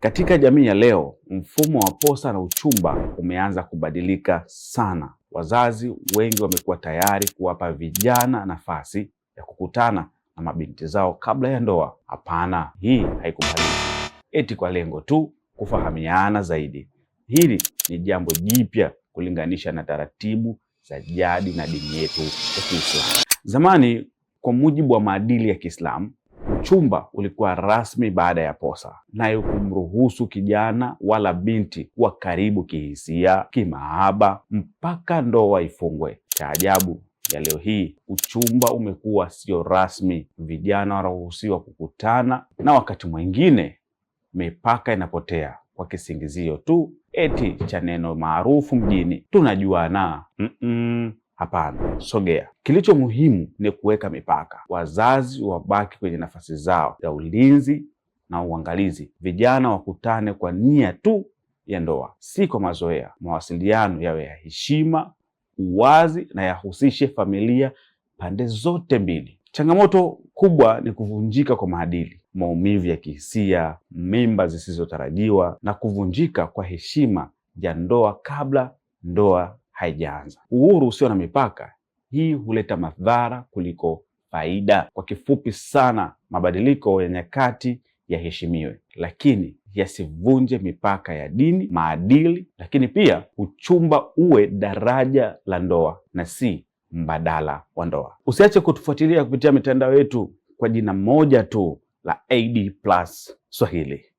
Katika jamii ya leo, mfumo wa posa na uchumba umeanza kubadilika sana. Wazazi wengi wamekuwa tayari kuwapa vijana nafasi ya kukutana na mabinti zao kabla ya ndoa. Hapana, hii haikubaliki, eti kwa lengo tu kufahamiana zaidi. Hili ni jambo jipya kulinganisha na taratibu za jadi na dini yetu ya Kiislamu. Zamani, kwa mujibu wa maadili ya Kiislamu, chumba ulikuwa rasmi baada ya posa, nayo kumruhusu kijana wala binti kuwa karibu kihisia, kimahaba mpaka ndoa ifungwe. Cha ajabu ya leo hii uchumba umekuwa sio rasmi. Vijana wanaruhusiwa kukutana, na wakati mwingine mipaka inapotea kwa kisingizio tu eti cha neno maarufu mjini tunajuana. Mm -mm. Hapana, sogea. Kilicho muhimu ni kuweka mipaka. Wazazi wabaki kwenye nafasi zao ya ulinzi na uangalizi. Vijana wakutane kwa nia tu ya ndoa, si kwa mazoea. Mawasiliano yawe ya heshima, uwazi na yahusishe familia pande zote mbili. Changamoto kubwa ni kuvunjika kwa maadili, maumivu ya kihisia, mimba zisizotarajiwa na kuvunjika kwa heshima ya ndoa kabla ndoa haijaanza. Uhuru usio na mipaka hii huleta madhara kuliko faida. Kwa kifupi sana, mabadiliko ya nyakati yaheshimiwe, lakini yasivunje mipaka ya dini, maadili, lakini pia uchumba uwe daraja la ndoa na si mbadala wa ndoa. Usiache kutufuatilia kupitia mitandao yetu kwa jina moja tu la AD+ Swahili.